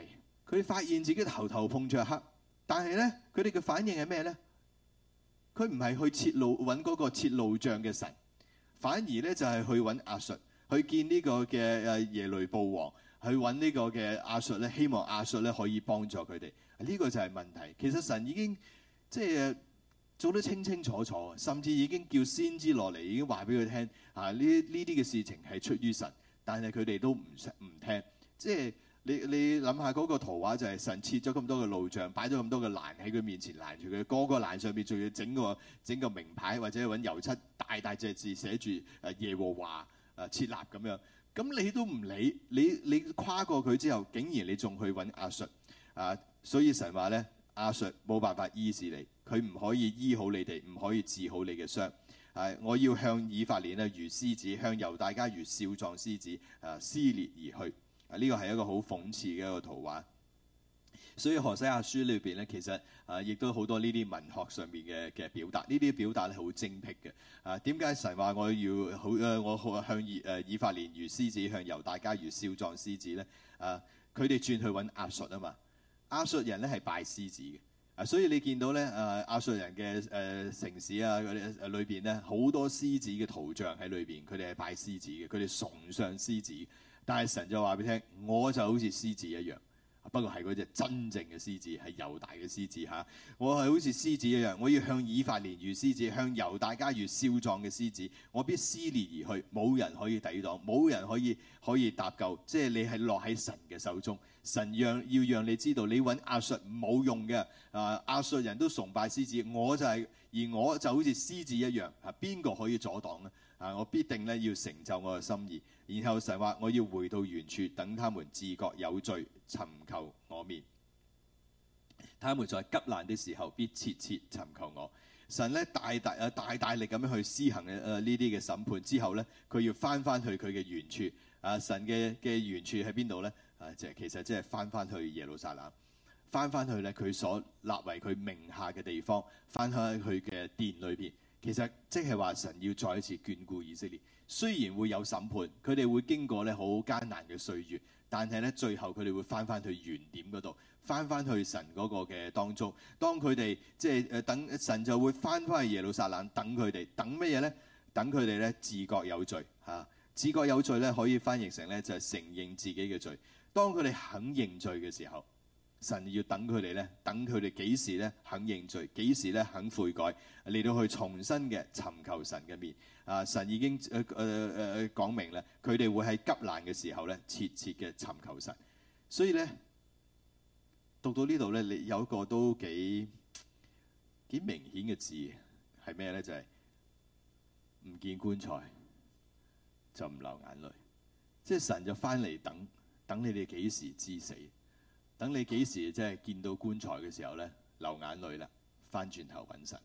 佢哋發現自己頭頭碰著黑，但係咧，佢哋嘅反應係咩咧？佢唔係去設路揾嗰個設路障嘅神，反而咧就係去揾亞述去見呢個嘅耶雷布王，去揾呢個嘅亞述咧，希望亞述咧可以幫助佢哋。呢、這個就係問題。其實神已經即係做得清清楚楚，甚至已經叫先知落嚟已經話俾佢聽啊！呢呢啲嘅事情係出於神，但係佢哋都唔唔聽，即係。你你諗下嗰個圖畫就係神設咗咁多嘅路障，擺咗咁多嘅欄喺佢面前攔住佢。嗰個欄上面，仲要整個整個名牌，或者揾油漆大大隻字寫住誒耶和華誒、啊、設立咁樣。咁你都唔理你你跨過佢之後，竟然你仲去揾亞述啊？所以神話咧，亞述冇辦法醫治你，佢唔可以醫好你哋，唔可以治好你嘅傷。係、啊、我要向以法蓮啊，如獅子向猶大家如少壯獅子啊，撕裂而去。呢個係一個好諷刺嘅一個圖畫，所以何西阿書裏邊咧，其實啊，亦都好多呢啲文學上面嘅嘅表達，呢啲表達係好精闢嘅。啊，點解神話我要好誒，我向以誒、啊、以法蓮如獅子，向猶大家如少壯獅子咧？啊，佢哋轉去揾亞述啊嘛，亞述人咧係拜獅子嘅。啊，所以你見到咧啊，亞述人嘅誒、呃、城市啊，嗰啲誒裏邊咧好多獅子嘅圖像喺裏邊，佢哋係拜獅子嘅，佢哋崇尚獅子。但係神就話俾你聽，我就好似獅子一樣，不過係嗰隻真正嘅獅子，係猶大嘅獅子嚇、啊。我係好似獅子一樣，我要向以法蓮如獅子，向猶大家如少壯嘅獅子，我必撕裂而去，冇人可以抵擋，冇人可以可以搭救。即係你係落喺神嘅手中，神讓要讓你知道，你揾亞述冇用嘅。啊，亞述人都崇拜獅子，我就係、是、而我就好似獅子一樣，係邊個可以阻擋咧？啊！我必定咧要成就我嘅心意，然後神話我要回到原處，等他們自覺有罪，尋求我面。他們在急難的時候，必切切尋求我。神咧大大啊大大力咁樣去施行嘅誒呢啲嘅審判之後咧，佢要翻翻去佢嘅原處。啊！神嘅嘅原處喺邊度咧？啊！即係其實即係翻翻去耶路撒冷，翻翻去咧佢所立為佢名下嘅地方，翻翻去佢嘅殿裏邊。其實即係話神要再一次眷顧以色列，雖然會有審判，佢哋會經過咧好艱難嘅歲月，但係咧最後佢哋會返返去原點嗰度，返返去神嗰個嘅當中。當佢哋即係誒等神就會返返去耶路撒冷等佢哋，等乜嘢呢？等佢哋咧自覺有罪嚇，自覺有罪咧、啊、可以翻譯成咧就係、是、承認自己嘅罪。當佢哋肯認罪嘅時候。神要等佢哋咧，等佢哋幾時咧肯認罪，幾時咧肯悔改，嚟到去重新嘅尋求神嘅面。啊，神已經誒誒誒講明啦，佢哋會喺急難嘅時候咧，切切嘅尋求神。所以咧，讀到呢度咧，你有一個都幾幾明顯嘅字，係咩咧？就係唔見棺材就唔流眼淚，即係神就翻嚟等，等你哋幾時知死。等你幾時即係見到棺材嘅時候呢，流眼淚啦，翻轉頭揾神。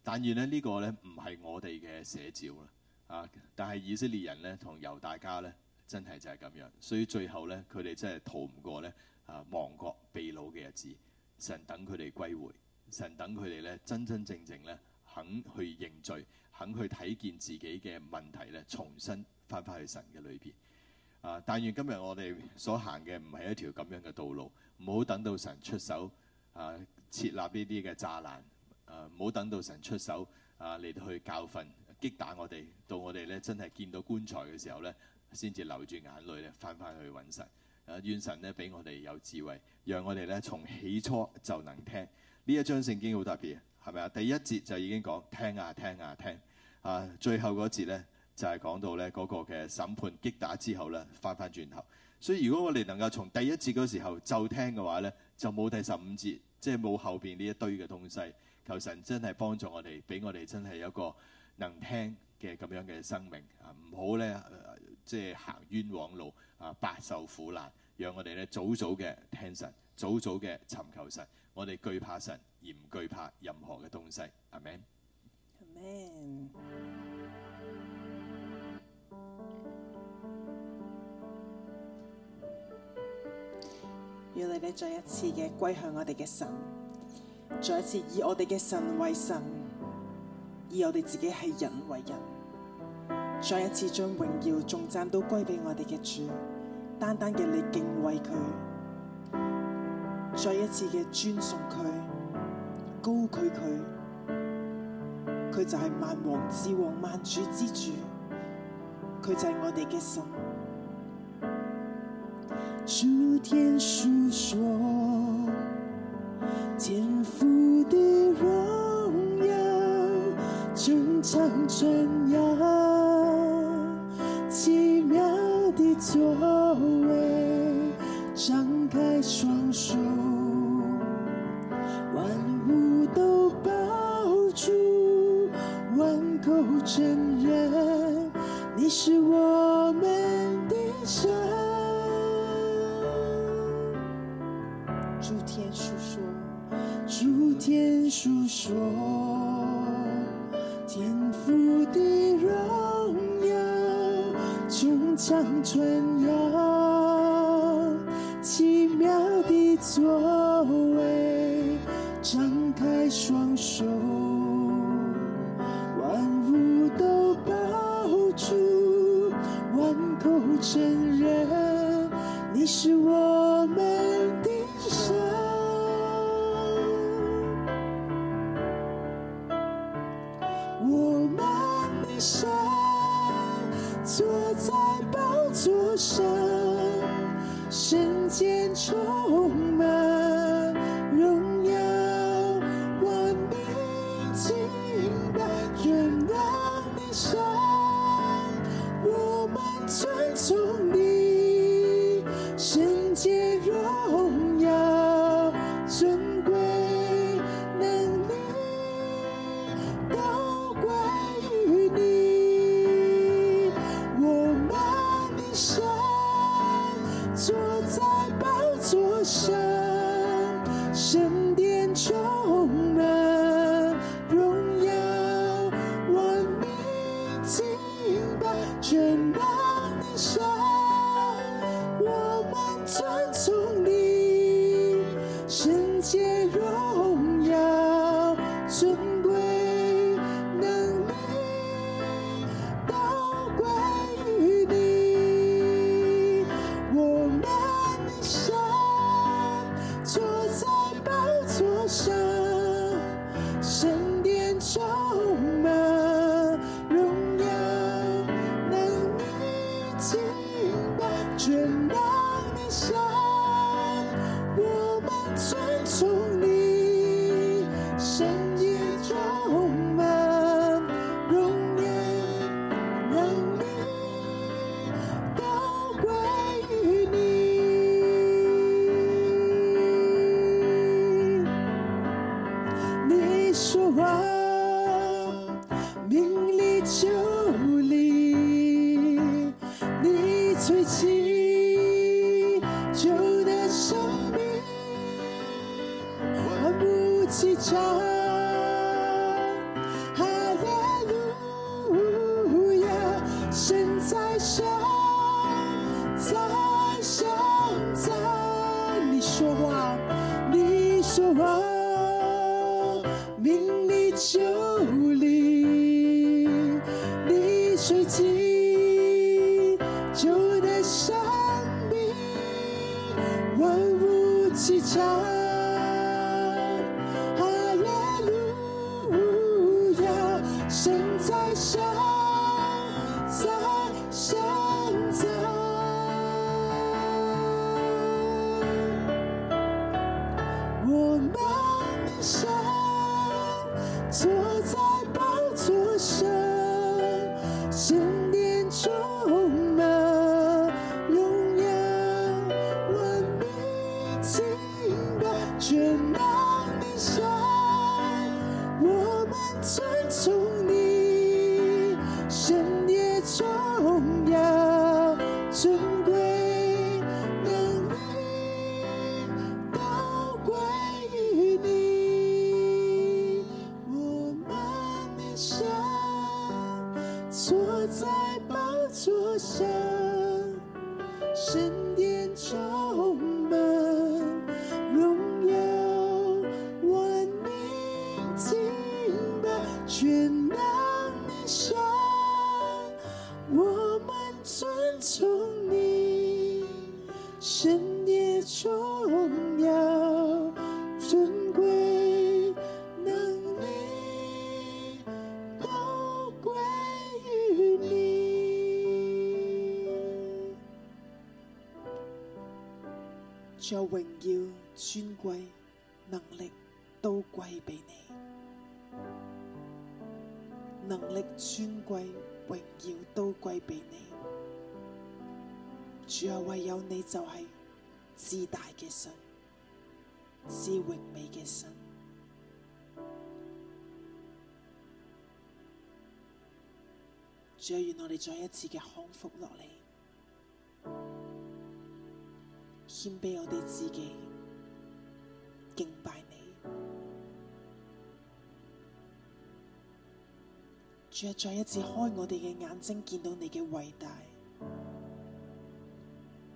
但願咧呢個呢，唔係我哋嘅寫照啦，啊！但係以色列人呢，同猶大家呢，真係就係咁樣，所以最後呢，佢哋真係逃唔過呢啊亡國被擄嘅日子。神等佢哋歸回，神等佢哋呢，真真正正呢，肯去認罪，肯去睇見自己嘅問題呢，重新翻返去神嘅裏邊。啊！但願今日我哋所行嘅唔係一條咁樣嘅道路，唔好等到神出手啊，設立呢啲嘅柵欄啊，唔好等到神出手啊嚟到去教訓、擊打我哋，到我哋咧真係見到棺材嘅時候咧，先至流住眼淚咧翻返去揾神啊！願神咧俾我哋有智慧，讓我哋咧從起初就能聽。呢一章聖經好特別啊，係咪啊？第一節就已經講聽啊聽啊聽啊，最後嗰節咧。就係講到呢嗰個嘅審判擊打之後呢，翻翻轉頭。所以如果我哋能夠從第一節嗰時候就聽嘅話呢，就冇第十五節，即係冇後邊呢一堆嘅東西。求神真係幫助我哋，俾我哋真係有一個能聽嘅咁樣嘅生命啊！唔好呢，呃、即係行冤枉路啊，白受苦難。讓我哋呢，早早嘅聽神，早早嘅尋求神。我哋懼怕神，而唔懼怕任何嘅東西。Amen。Amen。要你哋再一次嘅歸向我哋嘅神，再一次以我哋嘅神為神，以我哋自己係人為人，再一次將榮耀頌讚都歸俾我哋嘅主，單單嘅你敬畏佢，再一次嘅尊崇佢，高舉佢，佢就係萬王之王、萬主之主，佢就係我哋嘅神。諸天訴說肩負的榮耀，穹蒼傳揚。像春芽。坐在寶座上，瞬間充滿。想，再想再，再，再，再，再你說話，你說話。有榮耀、尊貴、能力都歸畀你，能力，尊貴、尊貴、榮耀都歸畀你。主唯有你就係、是、至大嘅神，至榮美嘅神。最願我哋再一次嘅康復落嚟。獻俾我哋自己，敬拜你。主再一次開我哋嘅眼睛，見到你嘅偉大，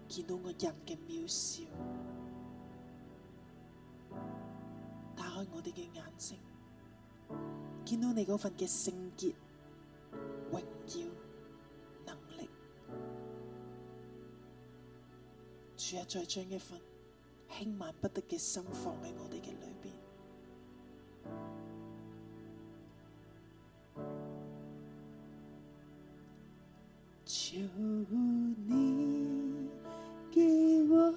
見到我人嘅渺小，打開我哋嘅眼睛，見到你嗰份嘅聖潔榮耀。主啊，再將一份輕慢不得嘅心放喺我哋嘅裏邊。求你給我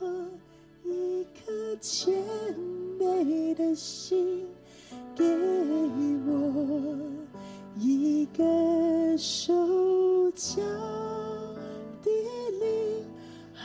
一顆謙卑的心，給我一個手腳。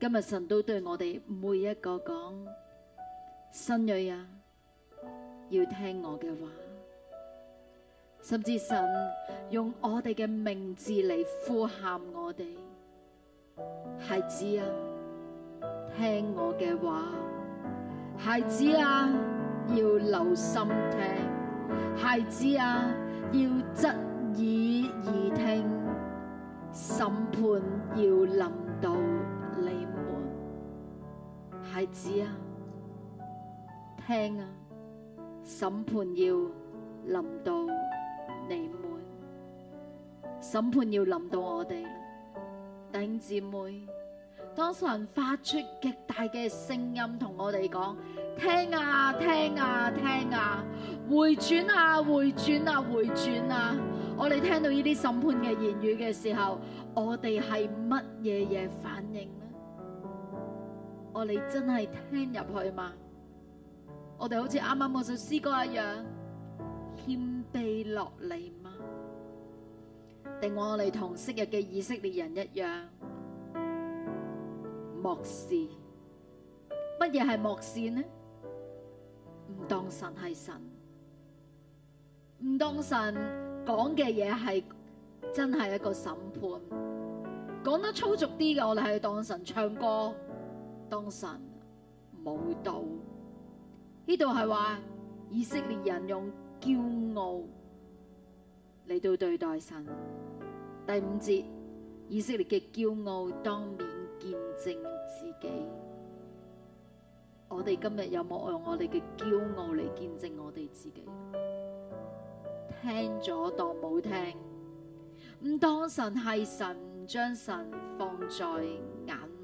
今日神都對我哋每一個講，新銳啊，要聽我嘅話，甚至神用我哋嘅名字嚟呼喊我哋，孩子啊，聽我嘅話，孩子啊，要留心聽，孩子啊，要側耳而聽，審判要臨到。孩子啊，聽啊！審判要臨到你們，審判要臨到我哋啦，弟兄姊妹，當神發出極大嘅聲音同我哋講，聽啊聽啊聽啊，回轉啊回轉啊回轉啊！我哋聽到呢啲審判嘅言語嘅時候，我哋係乜嘢嘢反？我哋真係聽入去嗎？我哋好似啱啱嗰首詩歌一樣謙卑落嚟嗎？定我哋同昔日嘅以色列人一樣漠視？乜嘢係漠視呢？唔當神係神，唔當神講嘅嘢係真係一個審判。講得粗俗啲嘅，我哋係當神唱歌。當神冇道，呢度係話以色列人用驕傲嚟到對待神。第五節，以色列嘅驕傲當面見證自己。我哋今日有冇用我哋嘅驕傲嚟見證我哋自己？聽咗當冇聽，唔當神係神，將神放在眼。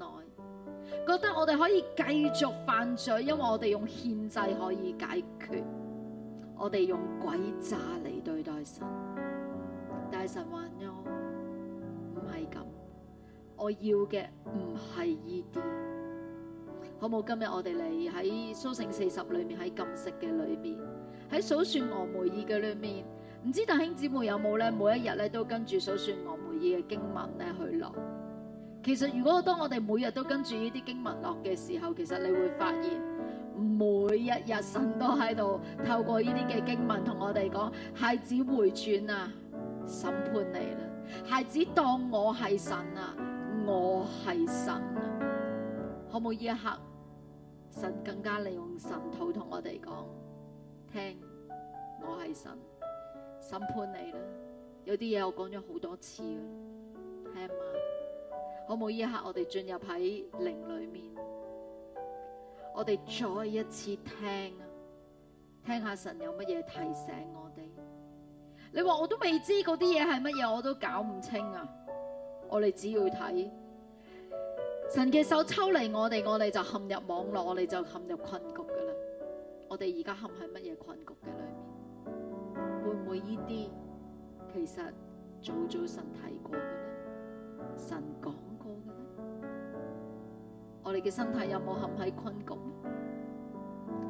覺得我哋可以繼續犯罪，因為我哋用獻祭可以解決，我哋用詭詐嚟對待神，但係神話我唔係咁，我要嘅唔係呢啲，好冇？今日我哋嚟喺蘇醒四十裏面喺禁食嘅裏面，喺數算俄梅爾嘅裏面，唔知弟兄姊妹有冇咧？每一日咧都跟住數算俄梅爾嘅經文咧去落。其實如果當我哋每日都跟住呢啲經文落嘅時候，其實你會發現每一日神都喺度透過呢啲嘅經文同我哋講，孩子回轉啊，審判你啦，孩子當我係神啊，我係神啊，可唔可以一刻神更加利用神途同我哋講，聽我係神審判你啦，有啲嘢我講咗好多次啦，係嘛。好冇？依一刻我哋進入喺靈裏面，我哋再一次聽，聽下神有乜嘢提醒我哋。你話我都未知嗰啲嘢係乜嘢，我都搞唔清啊！我哋只要睇神嘅手抽離我哋，我哋就陷入網絡，我哋就陷入困局噶啦。我哋而家陷喺乜嘢困局嘅裏面？會唔會呢啲其實早早神睇過嘅咧？神講。我哋嘅身體有冇陷喺困局？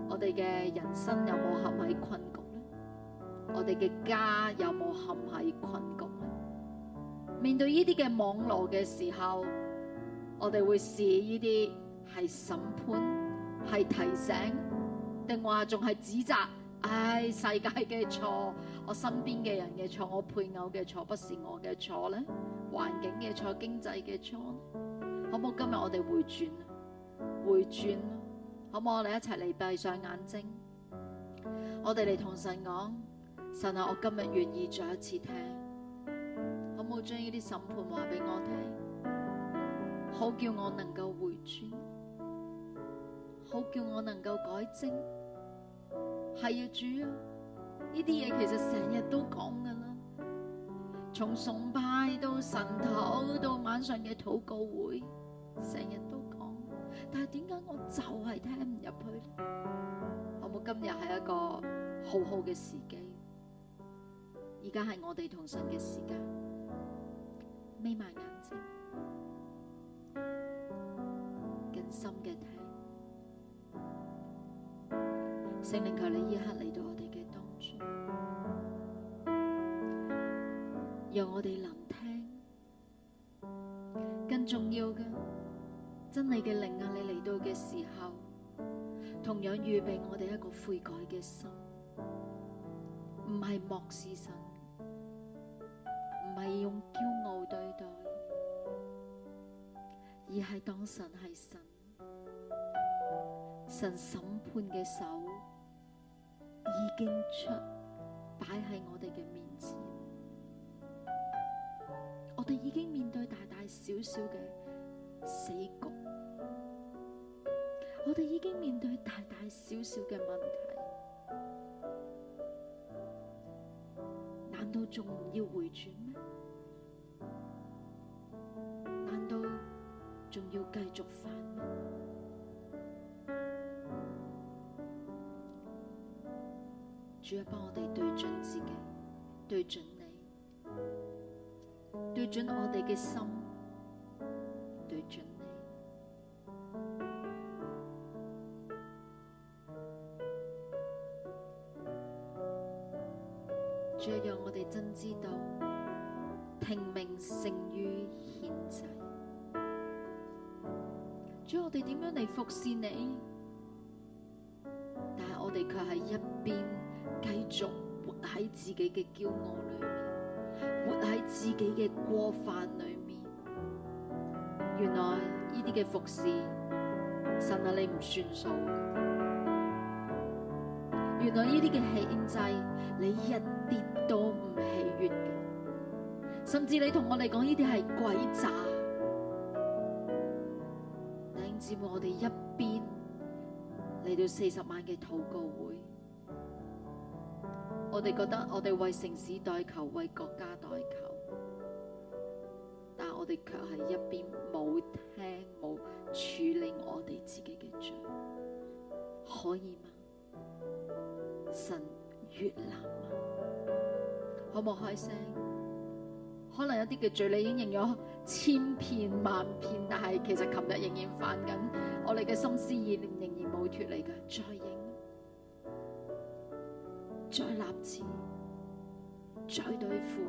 我哋嘅人生有冇陷喺困局咧？我哋嘅家有冇陷喺困局？面對呢啲嘅網絡嘅時候，我哋會視呢啲係審判、係提醒，定話仲係指責？唉、哎，世界嘅錯，我身邊嘅人嘅錯，我配偶嘅錯，不是我嘅錯咧？環境嘅錯，經濟嘅錯。可唔可以今日我哋回轉？回轉？可唔可以我哋一齊嚟閉上眼睛？我哋嚟同神講，神啊，我今日願意再一次聽，可唔可以將呢啲審判話俾我聽？好叫我能夠回轉，好叫我能夠改正。係要主啊！呢啲嘢其實成日都講噶啦，從崇拜到晨禱，到晚上嘅禱告會。成日都講，但係點解我就係聽唔入去咧？好冇？今日係一個好好嘅時機，而家係我哋同神嘅時間，眯埋眼睛，更深嘅聽，聖靈求你一刻嚟到我哋嘅當中，讓我哋能聽。更重要嘅。真理嘅靈啊，你嚟到嘅時候，同樣預備我哋一個悔改嘅心，唔係漠視神，唔係用驕傲對待，而係當神係神，神審判嘅手已經出，擺喺我哋嘅面前，我哋已經面對大大小小嘅死局。我哋已經面對大大小小嘅問題，難道仲唔要回轉咩？難道仲要繼續煩咩？主要幫我哋對準自己，對準你，對準我哋嘅心。服侍你，但係我哋卻喺一邊繼續活喺自己嘅驕傲裏面，活喺自己嘅過犯裏面。原來呢啲嘅服侍，神啊你唔算數；原來呢啲嘅獻祭，你一啲都唔喜悅。甚至你同我哋講呢啲係鬼詐。我哋一邊嚟到四十萬嘅禱告會，我哋覺得我哋為城市代求，為國家代求，但我哋卻係一邊冇聽冇處理我哋自己嘅罪，可以嗎？神越南嗎？可唔可以開聲？可能有啲嘅罪你已經認咗。千遍萬遍，但係其實琴日仍然犯緊，我哋嘅心思意念仍然冇脫離嘅，再影，再立志，再對付。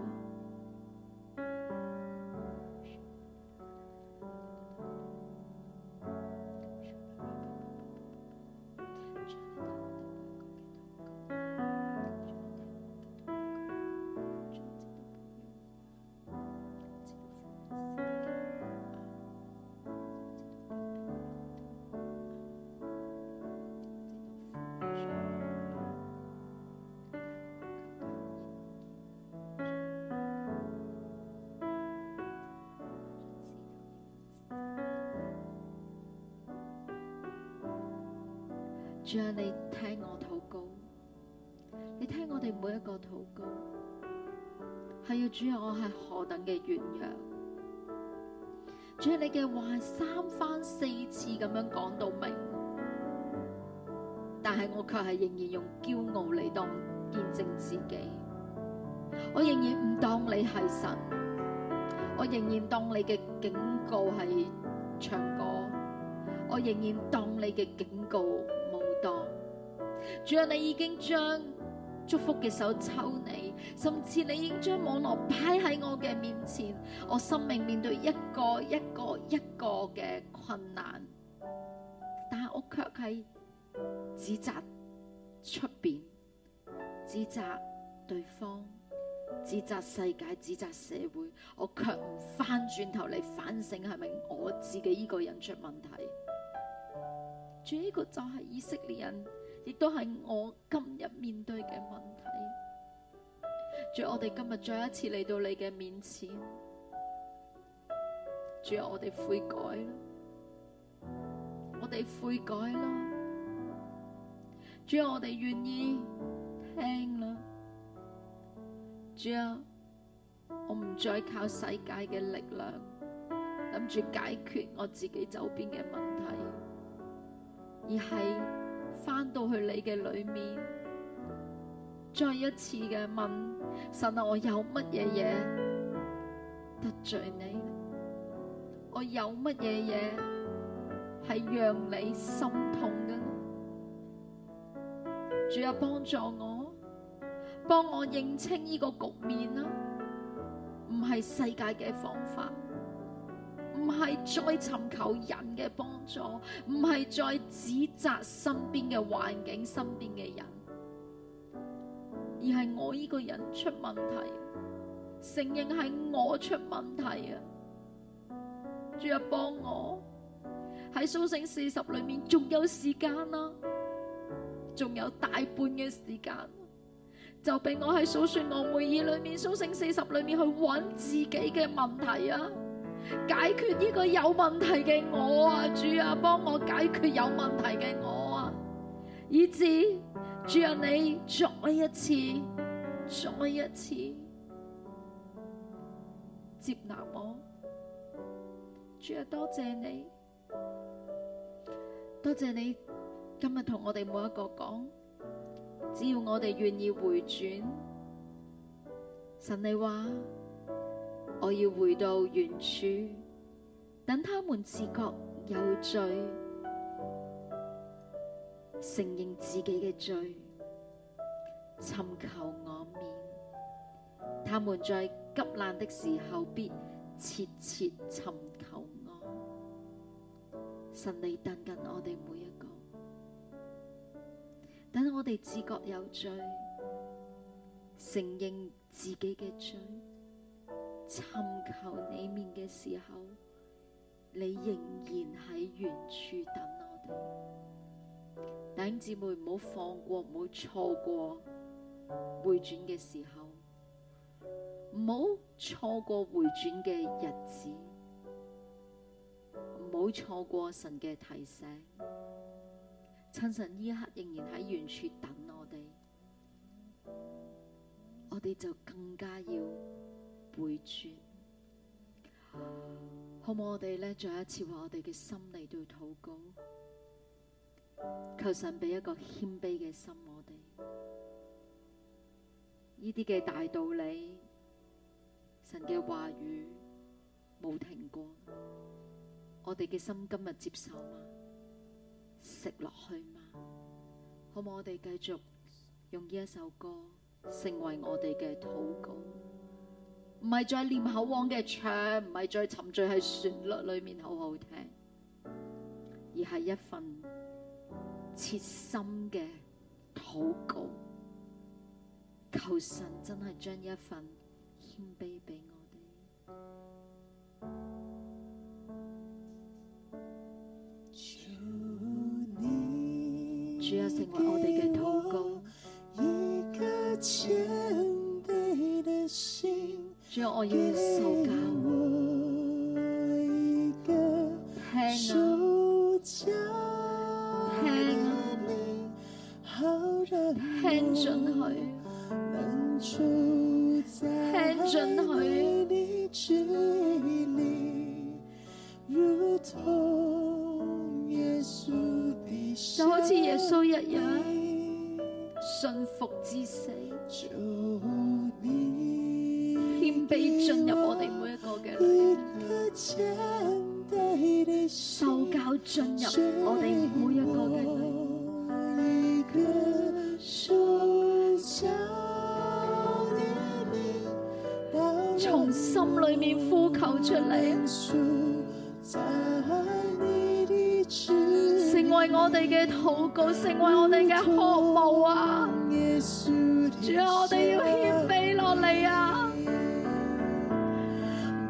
主啊，你聽我禱告，你聽我哋每一個禱告，係要主啊，我係何等嘅軟弱。主啊，你嘅話三番四次咁樣講到明，但係我卻係仍然用驕傲嚟當見證自己，我仍然唔當你係神，我仍然當你嘅警告係唱歌，我仍然當你嘅警告。仲有，你已經將祝福嘅手抽你，甚至你已經將網絡擺喺我嘅面前，我生命面對一個一個一個嘅困難，但係我卻係指責出邊，指責對方，指責世界，指責社會，我卻唔翻轉頭嚟，反省，係咪我自己依個人出問題？主，呢個就係以色列人，亦都係我今日面對嘅問題。主，我哋今日再一次嚟到你嘅面前，主，我哋悔改啦，我哋悔改啦。主，我哋願意聽啦。主，我唔再靠世界嘅力量諗住解決我自己周邊嘅問題。而係翻到去你嘅裏面，再一次嘅問神啊，我有乜嘢嘢得罪你？我有乜嘢嘢係讓你心痛嘅？主，有幫助我，幫我認清呢個局面啦，唔係世界嘅方法。」唔係再尋求人嘅幫助，唔係再指責身邊嘅環境、身邊嘅人，而係我呢個人出問題，承認係我出問題啊！主啊，幫我喺蘇醒四十裏面仲有時間啦，仲有大半嘅時間，就俾我喺數算俄梅爾裏面、蘇醒四十裏面去揾自己嘅問題啊！解決呢個有問題嘅我啊，主啊，幫我解決有問題嘅我啊，以至，主啊，你再一次再一次接納我，主啊，多謝你，多謝你今日同我哋每一個講，只要我哋願意回轉，神你話。我要回到原處，等他們自覺有罪，承認自己嘅罪，尋求我面。他們在急難的時候，必切切尋求我。神嚟等緊我哋每一個，等我哋自覺有罪，承認自己嘅罪。尋求你面嘅時候，你仍然喺原處等我哋。弟兄姊妹，唔好放過，唔好錯過回轉嘅時候，唔好錯過回轉嘅日子，唔好錯過神嘅提醒。趁神呢一刻仍然喺原處等我哋，我哋就更加要。回轉，好冇？我哋咧，再一次話我哋嘅心嚟到禱告，求神俾一個謙卑嘅心我。我哋呢啲嘅大道理，神嘅話語冇停過，我哋嘅心今日接受嗎？食落去嗎？好冇？我哋繼續用呢一首歌成為我哋嘅禱告。唔係再念口簧嘅唱，唔係再沉醉喺旋律裏面好好聽，而係一份切心嘅禱告，求神真係將一份謙卑俾我哋，主啊，成為我哋嘅禱告。叫我耶穌教，聽啊，聽啊，聽進去，聽進去，就好似耶穌一樣，信服至死。被進入我哋每一個嘅裏面，受教進入我哋每一個嘅裏面，從心裏面呼求出嚟，成為我哋嘅禱告，成為我哋嘅渴慕啊！主啊，我哋要謙卑落嚟啊！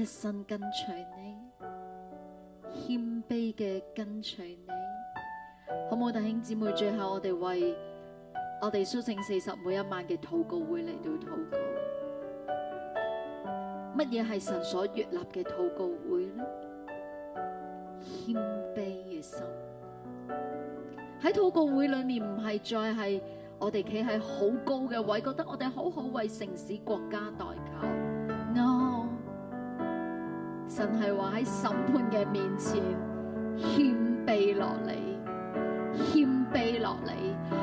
一生跟隨你，謙卑嘅跟隨你，好唔好，弟兄姊妹？最後我哋為我哋甦醒四十每一晚嘅禱告會嚟到禱告。乜嘢係神所設立嘅禱告會呢？謙卑嘅心喺禱告會裏面，唔係再係我哋企喺好高嘅位，覺得我哋好好為城市國家代求。神係話喺審判嘅面前謙卑落嚟，謙卑落嚟。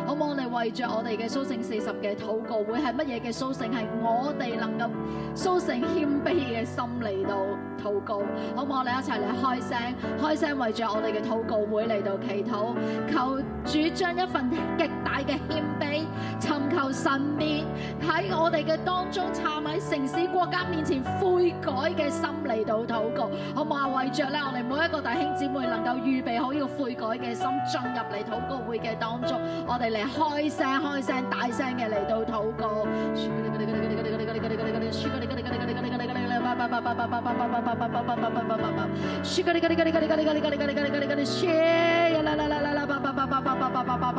好唔好？我哋為著我哋嘅甦醒四十嘅禱告會係乜嘢嘅甦醒？係我哋能夠甦醒謙卑嘅心嚟到禱告。好唔好？我哋一齊嚟開聲，開聲為著我哋嘅禱告會嚟到祈禱，求主將一份。大嘅謙卑，尋求神面喺我哋嘅當中，站喺城市國家面前悔改嘅心嚟到禱告，好唔好啊？為著咧，我哋每一個弟兄姊妹能夠預備好要悔改嘅心，進入嚟禱告會嘅當中，我哋嚟開聲開聲，大聲嘅嚟到禱告。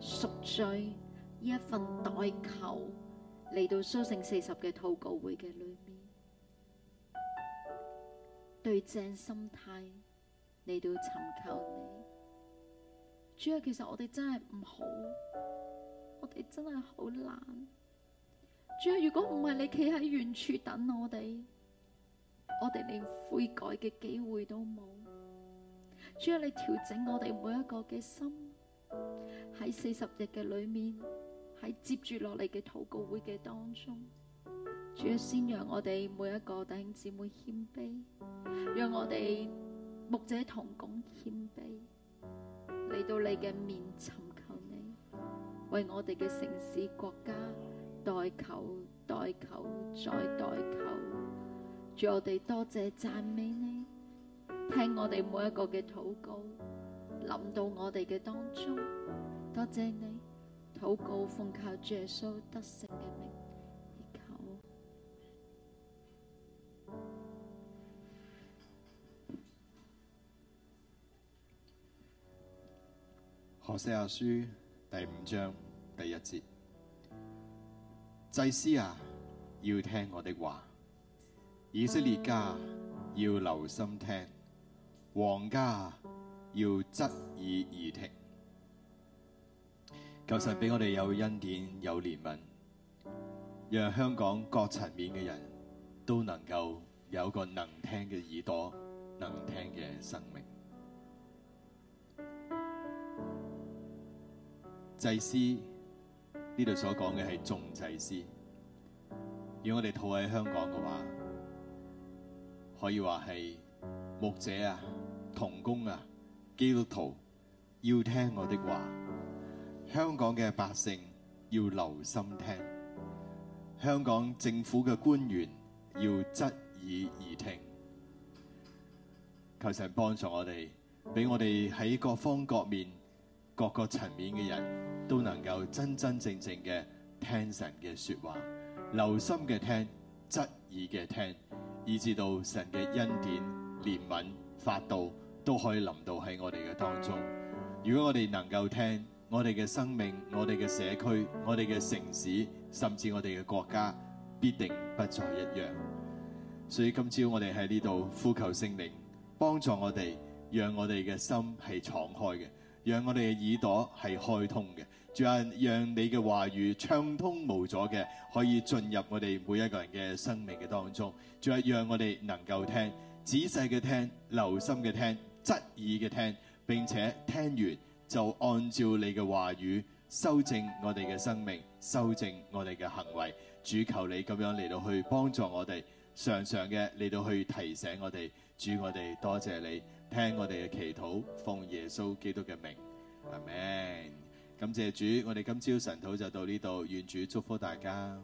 贖罪呢一份代求嚟到甦醒四十嘅禱告會嘅裏面， 對正心態嚟到尋求你，主啊，其實我哋真係唔好，我哋真係好難，主啊，如果唔係你企喺遠處等我哋，我哋連悔改嘅機會都冇，主啊，你調整我哋每一個嘅心。喺四十日嘅裏面，喺接住落嚟嘅禱告會嘅當中，主，要先讓我哋每一個弟兄姊妹謙卑，讓我哋牧者同工謙卑，嚟到你嘅面尋求你，為我哋嘅城市國家代求、代求、代求再代求，主，我哋多謝讚美你，聽我哋每一個嘅禱告。諗到我哋嘅當中，多謝你禱告奉靠，耶穌得勝嘅名求。何西阿書第五章第一節：祭司啊，要聽我的話；以色列家要留心聽；王家，要側耳而聽，求神俾我哋有恩典、有憐憫，讓香港各層面嘅人都能夠有個能聽嘅耳朵、能聽嘅生命。祭司呢度所講嘅係眾祭司，如果我哋套喺香港嘅話，可以話係牧者啊、童工啊。基督徒要聽我的話，香港嘅百姓要留心聽，香港政府嘅官員要側耳而聽。求神幫助我哋，俾我哋喺各方各面、各個層面嘅人都能夠真真正正嘅聽神嘅說話，留心嘅聽，側耳嘅聽，以致到神嘅恩典、憐憫、法度。都可以臨到喺我哋嘅當中。如果我哋能夠聽，我哋嘅生命、我哋嘅社區，我哋嘅城市，甚至我哋嘅國家，必定不再一樣。所以今朝我哋喺呢度呼求聖靈，幫助我哋，讓我哋嘅心係敞開嘅，讓我哋嘅耳朵係開通嘅。仲有讓你嘅話語暢通無阻嘅，可以進入我哋每一個人嘅生命嘅當中。仲有讓我哋能夠聽，仔細嘅聽，留心嘅聽，得意嘅聽，並且聽完就按照你嘅話語修正我哋嘅生命，修正我哋嘅行為。主求你咁樣嚟到去幫助我哋，常常嘅嚟到去提醒我哋。主我哋多謝你，聽我哋嘅祈禱，奉耶穌基督嘅名，阿門。感謝主，我哋今朝晨禱就到呢度，願主祝福大家。